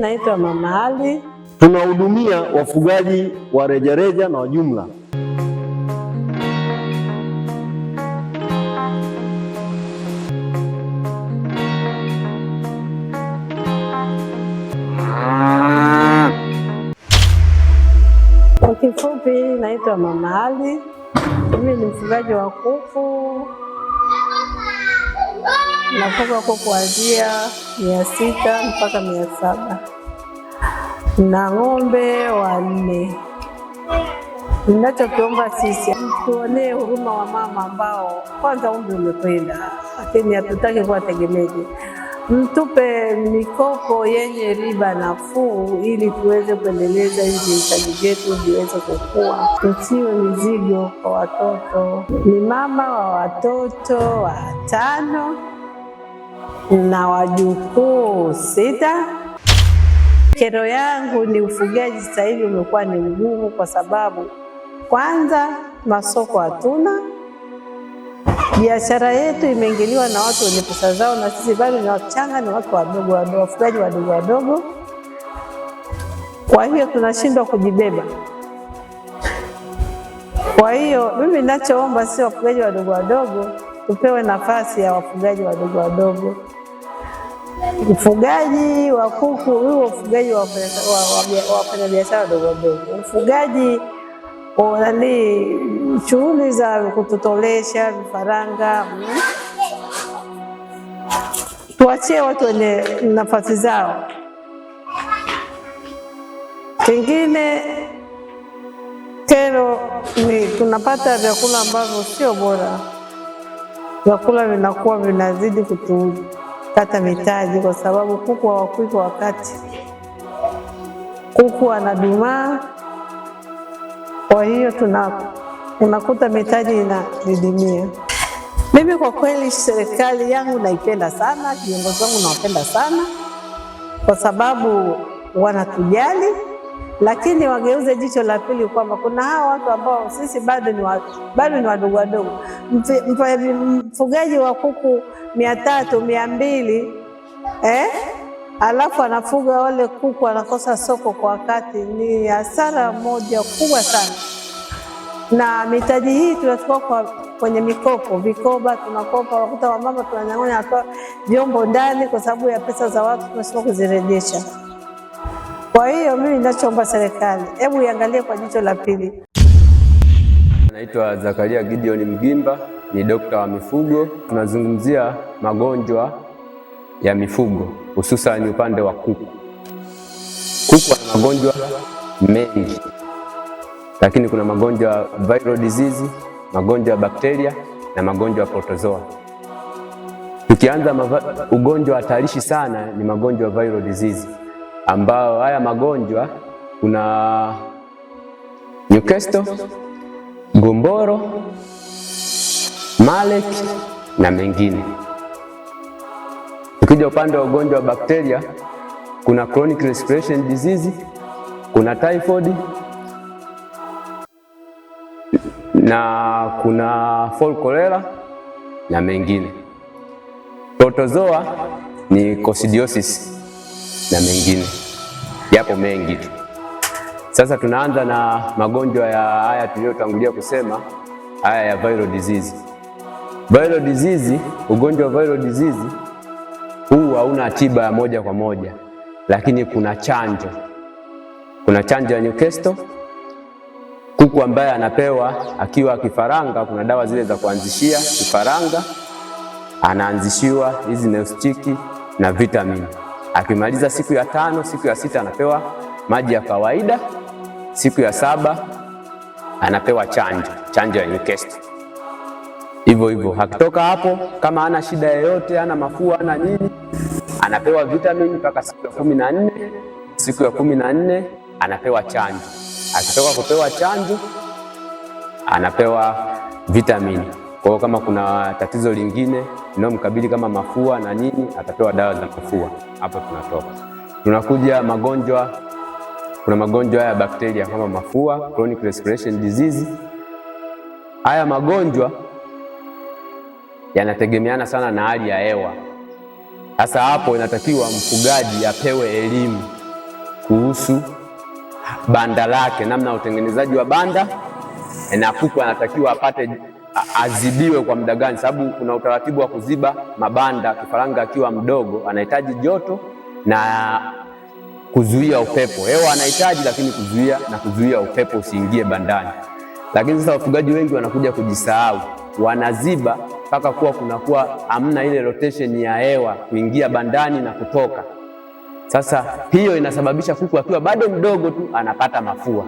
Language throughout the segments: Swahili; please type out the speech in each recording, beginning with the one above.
Naitwa Mama Ali. Tunahudumia wafugaji wa rejareja na wajumla. Kwa kifupi, naitwa Mama Ali. Mimi ni mfugaji wa kuku nafuga kuku kuanzia mia sita mpaka mia saba na ng'ombe wanne. Ninachokiomba sisi tuonee huruma wa mama ambao kwanza umri umekwenda, lakini hatutaki kuwa kuwategemeje. Mtupe mikopo yenye riba nafuu ili tuweze kuendeleza hizi vipaji zetu ziweze kukua, tusiwe mizigo kwa watoto. Ni mama wa watoto watano na wajukuu sita. Kero yangu ni ufugaji sasa hivi umekuwa ni mgumu, kwa sababu kwanza masoko hatuna, biashara yetu imeingiliwa na watu wenye pesa zao, na sisi bado ni wachanga, ni watu wadogo wadogo, wafugaji wadogo wadogo. Kwa hiyo tunashindwa kujibeba. Kwa hiyo mimi ninachoomba, si wafugaji wadogo wadogo tupewe nafasi ya wafugaji wadogo wadogo. Ufugaji wa kuku huo ufugaji wa wafanyabiashara wadogo wadogo, ufugaji nanii, shughuli za kutotolesha vifaranga mm. tuachie watu wenye nafasi zao. Kingine kero ni tunapata vyakula ambavyo sio bora, vyakula vinakuwa vinazidi kutuuza kukata mitaji, kwa sababu kuku hawakui kwa wakati. Kuku ana dumaa, kwa hiyo tuna unakuta mitaji inadidimia. Mimi kwa kweli serikali yangu naipenda sana, viongozi wangu nawapenda sana, kwa sababu wanatujali, lakini wageuze jicho la pili kwamba kuna hawa watu ambao sisi bado ni wadogo wadogo. Mfugaji wa kuku mia tatu mia mbili eh? Alafu anafuga wale kuku, anakosa soko kwa wakati, ni hasara moja kubwa sana. Na mitaji hii tunachukua kwa kwenye mikopo, vikoba tunakopa, wakuta wamama tunanyang'anya vyombo ndani, kwa sababu ya pesa za watu tunashindwa kuzirejesha. Kwa hiyo mimi ninachoomba serikali, hebu iangalie kwa jicho la pili. Naitwa Zakaria Gideon Mgimba, ni dokta wa mifugo. Tunazungumzia magonjwa ya mifugo hususan upande wa kuku. Kuku ana magonjwa mengi, lakini kuna magonjwa ya viral disease, magonjwa ya bakteria na magonjwa ya protozoa. Tukianza ugonjwa hatarishi sana ni magonjwa ya viral disease, ambao haya magonjwa kuna Newcastle Gomboro, Malek na mengine. Tukija upande wa ugonjwa wa bakteria, kuna chronic respiration disease, kuna typhoid na kuna fall cholera na mengine. Protozoa ni coccidiosis na mengine, yapo mengi tu. Sasa tunaanza na magonjwa ya haya tuliyotangulia kusema haya ya viral disease. Viral disease, ugonjwa wa viral disease huu hauna tiba ya moja kwa moja, lakini kuna chanjo. Kuna chanjo ya Newcastle kuku ambaye anapewa akiwa kifaranga. Kuna dawa zile za kuanzishia kifaranga, anaanzishiwa hizi neostiki na vitamini. Akimaliza siku ya tano, siku ya sita anapewa maji ya kawaida Siku ya saba anapewa chanjo, chanjo ya Newcastle. Hivyo hivyo akitoka hapo, kama ana shida yoyote, ana mafua, ana nini, anapewa vitamini mpaka siku ya kumi na nne. Siku ya kumi na nne anapewa chanjo. Akitoka kupewa chanjo, anapewa vitamini. Kwa hiyo kama kuna tatizo lingine linalomkabili kama mafua na nini, atapewa dawa za mafua. Hapo tunatoka tunakuja magonjwa kuna magonjwa ya bakteria kama mafua, chronic respiration disease. Haya magonjwa yanategemeana sana na hali ya hewa. Sasa hapo inatakiwa mfugaji apewe elimu kuhusu banda lake, namna ya utengenezaji wa banda na kuku anatakiwa apate azibiwe kwa muda gani, sababu kuna utaratibu wa kuziba mabanda. Kifaranga akiwa mdogo anahitaji joto na kuzuia upepo. Hewa anahitaji lakini kuzuia na kuzuia upepo usiingie bandani. Lakini sasa wafugaji wengi wanakuja kujisahau, wanaziba mpaka kuwa kunakuwa hamna ile rotation ya hewa kuingia bandani na kutoka. Sasa hiyo inasababisha kuku akiwa bado mdogo tu anapata mafua.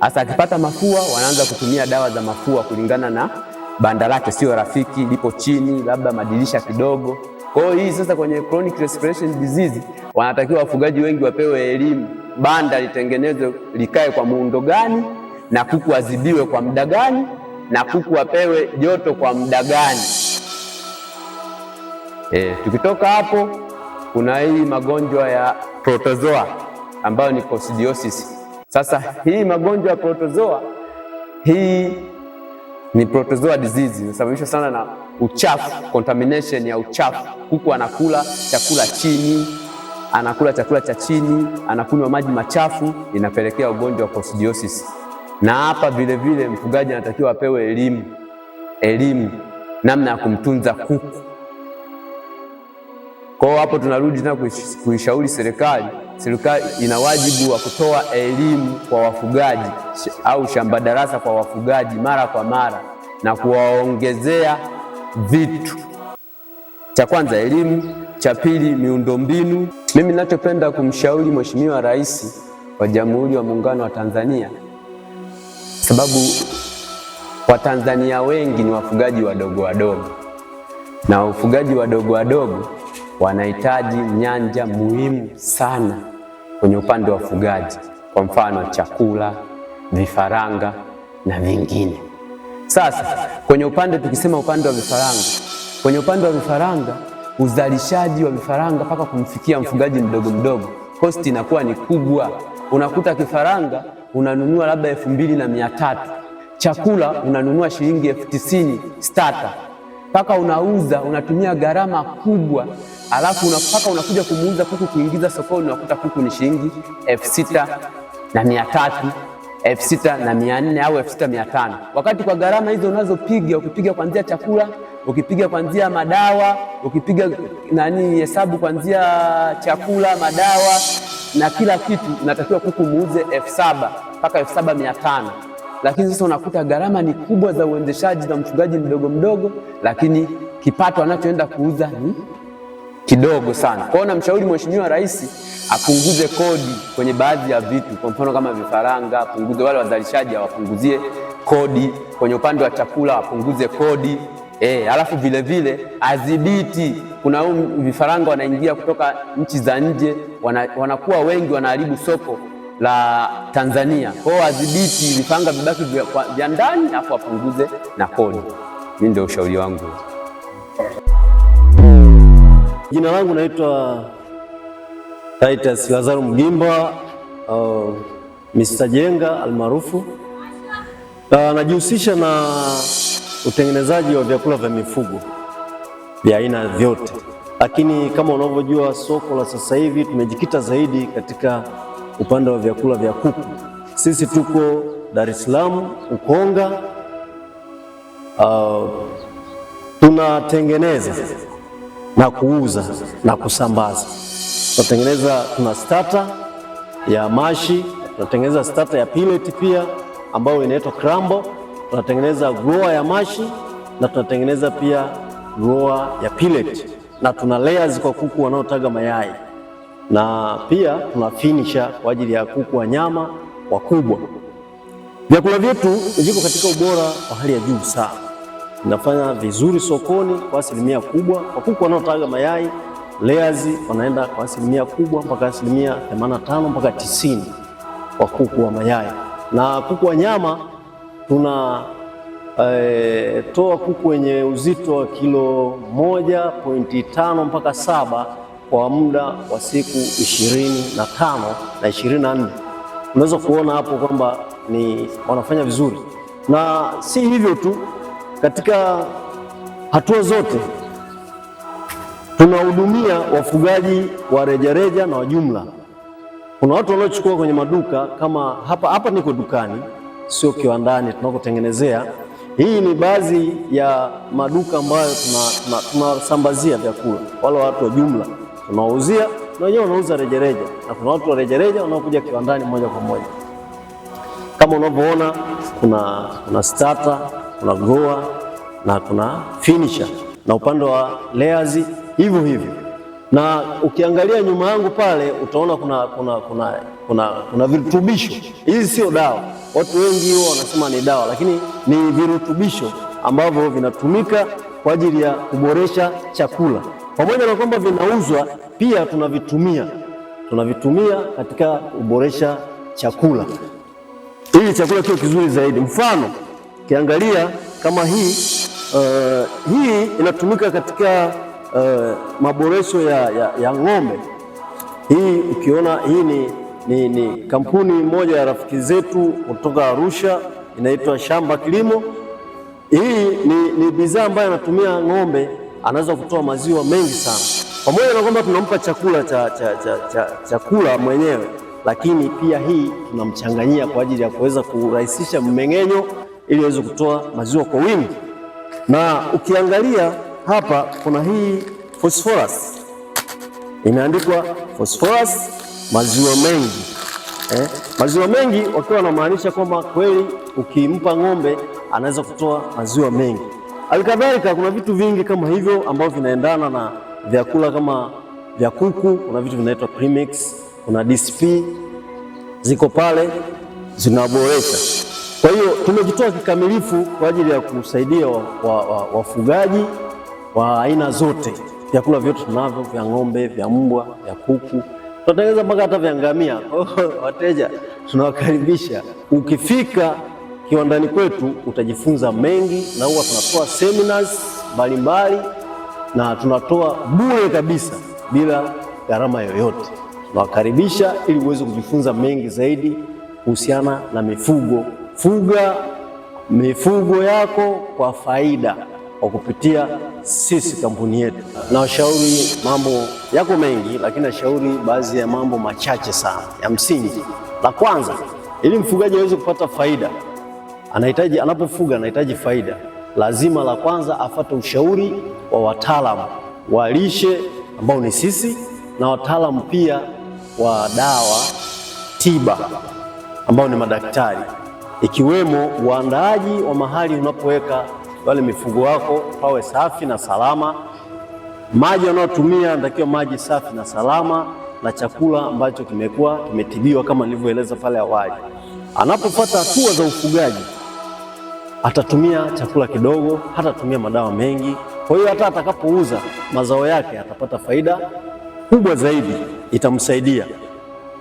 Sasa akipata mafua, wanaanza kutumia dawa za mafua kulingana na banda lake sio rafiki, lipo chini, labda madirisha kidogo. Kwa hiyo hii sasa kwenye chronic respiration disease wanatakiwa wafugaji wengi wapewe elimu, banda litengenezwe likae kwa muundo gani, na kuku azibiwe kwa muda gani, na kuku wapewe joto kwa muda gani. E, tukitoka hapo kuna hii magonjwa ya protozoa ambayo ni coccidiosis. Sasa hii magonjwa ya protozoa hii ni protozoa disease, inasababishwa sana na uchafu, contamination ya uchafu. Kuku anakula chakula chini anakula chakula cha chini, anakunywa maji machafu, inapelekea ugonjwa wa coccidiosis. Na hapa vilevile mfugaji anatakiwa apewe elimu, elimu namna ya kumtunza kuku. Kwa hiyo hapo tunarudi tena kuishauri serikali, serikali ina wajibu wa kutoa elimu kwa wafugaji au shamba darasa kwa wafugaji mara kwa mara na kuwaongezea vitu. Cha kwanza elimu cha pili, miundombinu. Mimi ninachopenda kumshauri Mheshimiwa Rais wa Jamhuri ya Muungano wa Tanzania, sababu Watanzania wengi ni wafugaji wadogo wadogo, na wafugaji wadogo wadogo wanahitaji nyanja muhimu sana kwenye upande wa ufugaji, kwa mfano chakula, vifaranga na vingine. Sasa kwenye upande tukisema upande wa vifaranga, kwenye upande wa vifaranga uzalishaji wa vifaranga mpaka kumfikia mfugaji mdogo mdogo, kosti inakuwa ni kubwa. Unakuta kifaranga unanunua labda elfu mbili na mia tatu chakula unanunua shilingi elfu tisini stata mpaka unauza, unatumia gharama kubwa, alafu mpaka unakuja kumuuza kuku kuingiza sokoni, unakuta kuku ni shilingi elfu sita na mia tatu elfu sita na mia nne au elfu sita mia tano wakati kwa gharama hizo unazopiga ukipiga kuanzia chakula ukipiga kwanzia madawa, ukipiga nani hesabu kwanzia chakula, madawa na kila kitu, unatakiwa kuku muuze elfu saba mpaka elfu saba mia tano lakini sasa unakuta gharama ni kubwa za uendeshaji na mfugaji mdogo mdogo, lakini kipato anachoenda kuuza ni kidogo sana. Kwa hiyo namshauri Mheshimiwa Rais apunguze kodi kwenye baadhi ya vitu, kwa mfano kama vifaranga, apunguze. Wale wazalishaji hawapunguzie kodi, kwenye upande wa chakula wapunguze kodi. Eh, alafu vilevile adhibiti. Kuna vifaranga wanaingia kutoka nchi za nje, wana, wanakuwa wengi, wanaharibu soko la Tanzania. Kwa hiyo adhibiti vifaranga vibaki vya ndani, alafu apunguze na kodi. Hii ndio ushauri wangu. Jina langu naitwa Titus Lazaro Mgimba uh, Mr. Jenga almaarufu. Najihusisha na utengenezaji wa vyakula vya mifugo vya aina vyote, lakini kama unavyojua soko la sasa hivi tumejikita zaidi katika upande wa vyakula vya kuku. Sisi tuko Dar es Salaam Ukonga, uh, tunatengeneza na kuuza na kusambaza. Tunatengeneza, tuna starter ya mashi, tunatengeneza starter ya pellet pia ambayo inaitwa crumble tunatengeneza grower ya mashi na tunatengeneza pia grower ya pellet, na tuna layers kwa kuku wanaotaga mayai na pia tuna finisher kwa ajili ya kuku wa nyama wakubwa. Vyakula vyetu viko katika ubora wa hali ya juu sana, vinafanya vizuri sokoni kwa asilimia kubwa. Kwa kuku wanaotaga mayai layers wanaenda kwa asilimia kubwa mpaka asilimia 85 mpaka 90 kwa kuku wa mayai na kuku wa nyama tunatoa eh, e, kuku wenye uzito wa kilo moja pointi tano mpaka saba kwa muda wa siku ishirini na tano na ishirini na nne. Unaweza kuona hapo kwamba ni wanafanya vizuri, na si hivyo tu, katika hatua zote tunahudumia wafugaji wa rejareja na wajumla Kuna watu wanaochukua kwenye maduka kama hapa hapa, niko dukani sio kiwandani tunakotengenezea. Hii ni baadhi ya maduka ambayo tunasambazia tuna, vyakula wale watu wa jumla tunawauzia, na wenyewe wanauza rejereja na kuna watu wa rejareja wanaokuja kiwandani moja kwa moja. Kama unavyoona kuna, kuna starter, kuna grower na kuna finisher, na upande wa layers hivyo hivyo, na ukiangalia nyuma yangu pale utaona kuna, kuna, kuna kuna, kuna virutubisho. Hizi sio dawa, watu wengi huwa wanasema ni dawa, lakini ni virutubisho ambavyo vinatumika kwa ajili ya kuboresha chakula. Pamoja na kwamba vinauzwa, pia tunavitumia tunavitumia katika kuboresha chakula ili chakula kiwe kizuri zaidi. Mfano, ukiangalia kama hii uh, hii inatumika katika uh, maboresho ya, ya, ya ng'ombe. Hii ukiona hii ni ni, ni kampuni moja ya rafiki zetu kutoka Arusha inaitwa Shamba Kilimo. Hii ni, ni bidhaa ambayo anatumia ng'ombe, anaweza kutoa maziwa mengi sana, pamoja na kwamba tunampa chakula cha, cha, cha, cha, chakula mwenyewe, lakini pia hii tunamchanganyia kwa ajili ya kuweza kurahisisha mmeng'enyo ili aweze kutoa maziwa kwa wingi. Na ukiangalia hapa kuna hii phosphorus, inaandikwa phosphorus maziwa mengi eh? Maziwa mengi wakiwa wanamaanisha kwamba kweli ukimpa ng'ombe anaweza kutoa maziwa mengi. Halikadhalika kuna vitu vingi kama hivyo ambavyo vinaendana na vyakula kama vya kuku. Kuna vitu vinaitwa premix, kuna DSP ziko pale zinaboresha. Kwa hiyo tumejitoa kikamilifu kwa ajili ya kusaidia wafugaji wa, wa, wa, wa aina zote, vyakula vyote tunavyo, vya ng'ombe, vya mbwa, vya kuku tunatengeneza mpaka hata vya ngamia. Oh, wateja tunawakaribisha. Ukifika kiwandani kwetu utajifunza mengi, na huwa tunatoa seminars mbalimbali na tunatoa bure kabisa bila gharama yoyote. Tunawakaribisha ili uweze kujifunza mengi zaidi kuhusiana na mifugo. Fuga mifugo yako kwa faida kwa kupitia sisi kampuni yetu. Na washauri mambo yako mengi, lakini nashauri baadhi ya mambo machache sana ya msingi. La kwanza, ili mfugaji aweze kupata faida, anahitaji anapofuga, anahitaji faida, lazima la kwanza afate ushauri wa wataalamu wa lishe ambao ni sisi na wataalamu pia wa dawa tiba ambao ni madaktari, ikiwemo uandaaji wa mahali unapoweka wale mifugo wako pawe safi na salama. Maji wanayotumia natakiwa maji safi na salama, na chakula ambacho kimekuwa kimetibiwa kama nilivyoeleza pale awali. Anapopata hatua za ufugaji, atatumia chakula kidogo, hatatumia madawa mengi. Kwa hiyo hata atakapouza mazao yake atapata faida kubwa zaidi, itamsaidia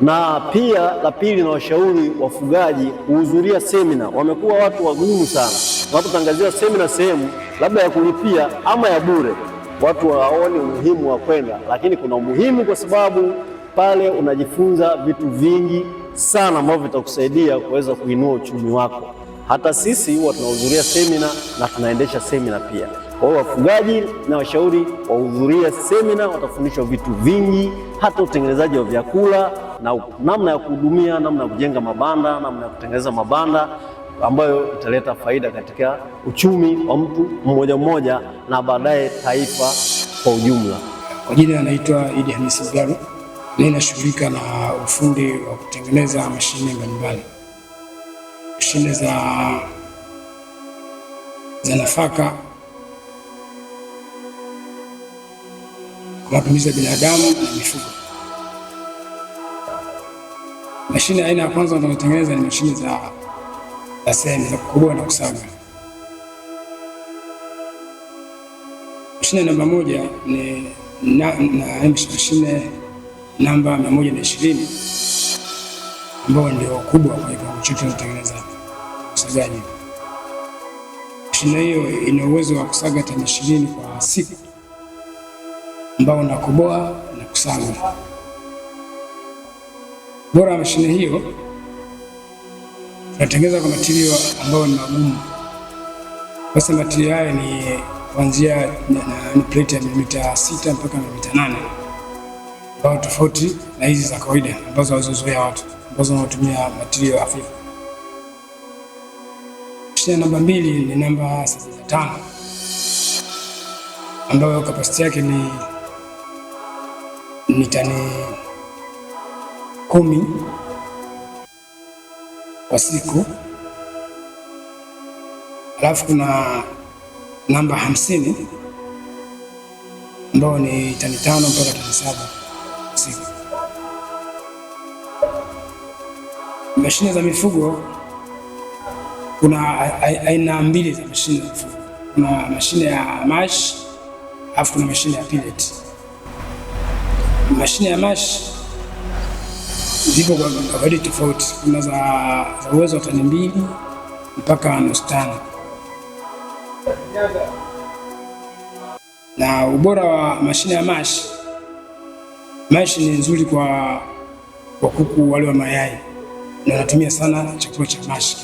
na pia la pili, na washauri wafugaji kuhudhuria semina. Wamekuwa watu wagumu sana watu tangaziwa sehemu na sehemu, labda ya kulipia ama ya bure, watu waone umuhimu wa kwenda. Lakini kuna umuhimu kwa sababu pale unajifunza vitu vingi sana ambavyo vitakusaidia kuweza kuinua uchumi wako. Hata sisi huwa tunahudhuria semina na tunaendesha semina pia. Kwa hiyo wafugaji na washauri wahudhuria semina, watafundishwa vitu vingi, hata utengenezaji wa vyakula na namna ya kuhudumia, namna ya kujenga mabanda, namna ya kutengeneza mabanda ambayo italeta faida katika uchumi wa mtu mmoja mmoja na baadaye taifa kwa ujumla. Kwa jina anaitwa Idi Hamisi mimi nashughulika na ufundi wa kutengeneza mashine mbalimbali, mashine za, za nafaka kwa matumizi ya binadamu na mifugo. Mashine aina ya kwanza tunatengeneza ni mashine za za na kukoboa na kusaga. Mashine namba moja ni na, na mashine namba mia moja na ishirini ambao ndio wakubwa kwa kiwango chetu tunachotengeneza usagaji. Mashine hiyo ina uwezo wa kusaga tani ishirini kwa siku, ambao unakoboa na kusaga. Bora mashine hiyo tunatengeneza kwa matirio ambayo ni magumu. Sasa matirio haya ni kuanzia na plate ya milimita sita mpaka milimita nane ambayo tofauti na hizi za kawaida ambazo wazozoea watu ambazo wanatumia matirio hafifu. Kisha namba mbili ni namba sabini tano ambayo kapasiti yake ni ni tani kumi kwa siku, alafu kuna namba hamsini ambayo ni tani tano mpaka tani saba kwa siku. Mashine za mifugo kuna aina mbili za mashine za mifugo, kuna mashine ya mash alafu kuna mashine ya pellet. Mashine ya mash zipo kwa kawaida tofauti. Kuna za, za uwezo wa tani mbili mpaka nusu tano, na ubora wa mashine ya mashi mashi ni nzuri kwa, kwa kuku wale wa mayai na natumia sana chakula cha mashi,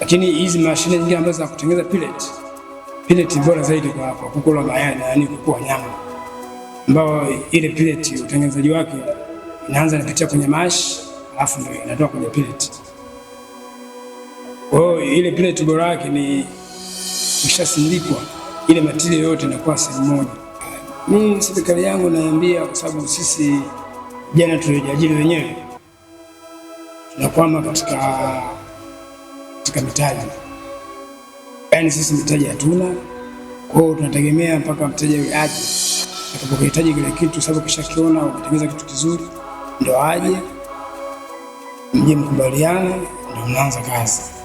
lakini hizi mashine nyingine ambazo za kutengeneza pellet pellet bora zaidi kwa, kwa kuku wa mayai na yani kuku wa nyama ambao ile pellet utengenezaji wake inaanza inapitia kwenye mash, alafu ndio inatoka kwenye pellet. Kwa hiyo ile pellet bora yake ni ushasindikwa, ile material yote inakuwa sehemu moja. Mimi serikali yangu naambia, kwa sababu sisi jana tulijiajiri wenyewe, tunakwama katika katika mitaji, yaani sisi mitaji hatuna, kwa hiyo tunategemea mpaka mteja aje atakapohitaji kile kitu, sababu kishakiona ukitengeneza kitu kizuri ndo aje mje mkubaliane, ndo mnaanza kazi.